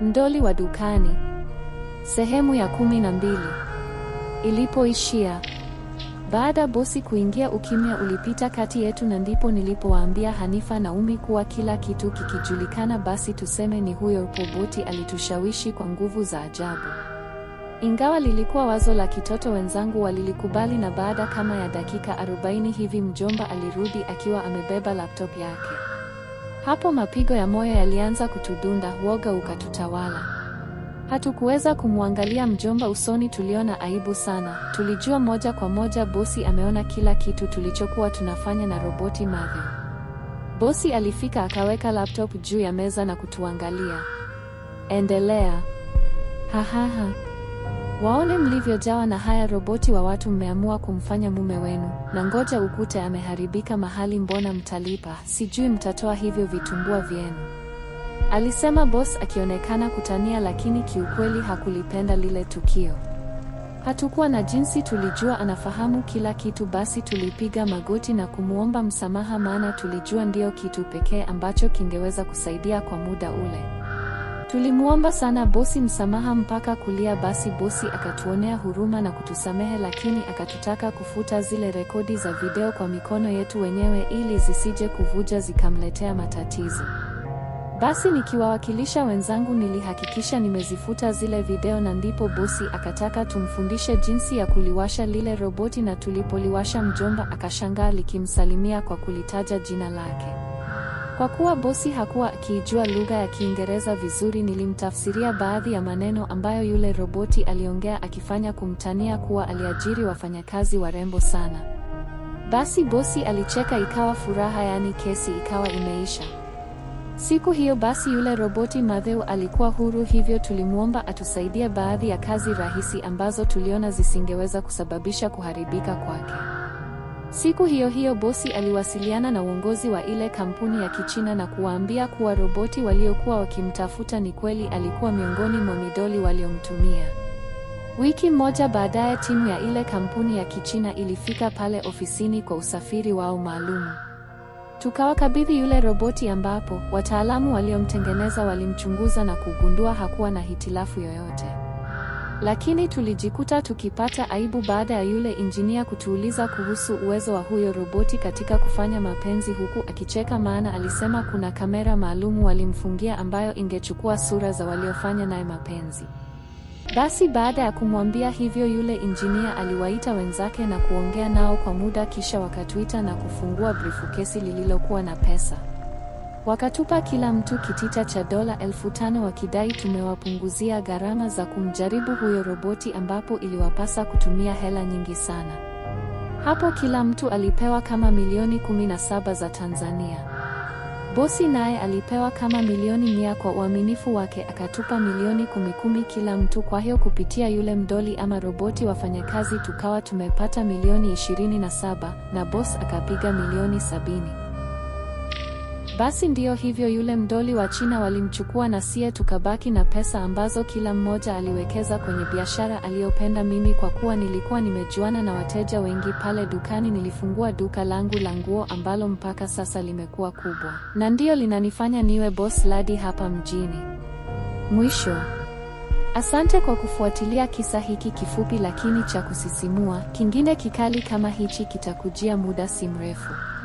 Mdoli wa dukani, sehemu ya kumi na mbili. Ilipoishia. Baada bosi kuingia, ukimya ulipita kati yetu, na ndipo nilipowaambia Hanifa na Umi kuwa kila kitu kikijulikana, basi tuseme ni huyo poboti alitushawishi kwa nguvu za ajabu. Ingawa lilikuwa wazo la kitoto, wenzangu walilikubali, na baada kama ya dakika arobaini hivi mjomba alirudi akiwa amebeba laptop yake. Hapo mapigo ya moyo yalianza kutudunda, woga ukatutawala. Hatukuweza kumwangalia mjomba usoni, tuliona aibu sana. Tulijua moja kwa moja bosi ameona kila kitu tulichokuwa tunafanya na roboti Mother. Bosi alifika akaweka laptop juu ya meza na kutuangalia. Endelea. Hahaha. Waone mlivyojawa na haya roboti wa watu mmeamua kumfanya mume wenu, na ngoja ukute ameharibika mahali, mbona mtalipa, sijui mtatoa hivyo vitumbua vyenu. Alisema boss akionekana kutania lakini kiukweli hakulipenda lile tukio. Hatukuwa na jinsi, tulijua anafahamu kila kitu basi tulipiga magoti na kumwomba msamaha maana tulijua ndiyo kitu pekee ambacho kingeweza kusaidia kwa muda ule. Tulimwomba sana bosi msamaha mpaka kulia, basi bosi akatuonea huruma na kutusamehe, lakini akatutaka kufuta zile rekodi za video kwa mikono yetu wenyewe ili zisije kuvuja zikamletea matatizo. Basi nikiwawakilisha wenzangu nilihakikisha nimezifuta zile video, na ndipo bosi akataka tumfundishe jinsi ya kuliwasha lile roboti, na tulipoliwasha mjomba akashangaa likimsalimia kwa kulitaja jina lake. Kwa kuwa bosi hakuwa akiijua lugha ya Kiingereza vizuri, nilimtafsiria baadhi ya maneno ambayo yule roboti aliongea, akifanya kumtania kuwa aliajiri wafanyakazi warembo sana. Basi bosi alicheka, ikawa furaha, yaani kesi ikawa imeisha. Siku hiyo basi yule roboti Mathew alikuwa huru, hivyo tulimwomba atusaidie baadhi ya kazi rahisi ambazo tuliona zisingeweza kusababisha kuharibika kwake. Siku hiyo hiyo bosi aliwasiliana na uongozi wa ile kampuni ya Kichina na kuwaambia kuwa roboti waliokuwa wakimtafuta ni kweli alikuwa miongoni mwa midoli waliomtumia. Wiki moja baadaye timu ya ile kampuni ya Kichina ilifika pale ofisini kwa usafiri wao maalum Tukawakabidhi yule roboti ambapo wataalamu waliomtengeneza walimchunguza na kugundua hakuwa na hitilafu yoyote. Lakini tulijikuta tukipata aibu baada ya yule injinia kutuuliza kuhusu uwezo wa huyo roboti katika kufanya mapenzi huku akicheka maana alisema kuna kamera maalum walimfungia ambayo ingechukua sura za waliofanya naye mapenzi. Basi baada ya kumwambia hivyo yule injinia aliwaita wenzake na kuongea nao kwa muda kisha wakatuita na kufungua brifukesi lililokuwa na pesa. Wakatupa kila mtu kitita cha dola elfu tano wakidai tumewapunguzia gharama za kumjaribu huyo roboti ambapo iliwapasa kutumia hela nyingi sana. Hapo kila mtu alipewa kama milioni 17 za Tanzania. Bosi naye alipewa kama milioni mia kwa uaminifu wake akatupa milioni kumi kumi kila mtu. Kwa hiyo kupitia yule mdoli ama roboti wafanyakazi tukawa tumepata milioni 27 na boss akapiga milioni sabini. Basi ndiyo hivyo, yule mdoli wa China walimchukua na sie tukabaki na pesa ambazo kila mmoja aliwekeza kwenye biashara aliyopenda. Mimi kwa kuwa nilikuwa nimejuana na wateja wengi pale dukani, nilifungua duka langu la nguo ambalo mpaka sasa limekuwa kubwa na ndiyo linanifanya niwe boss ladi hapa mjini. Mwisho. Asante kwa kufuatilia kisa hiki kifupi lakini cha kusisimua. Kingine kikali kama hichi kitakujia muda si mrefu.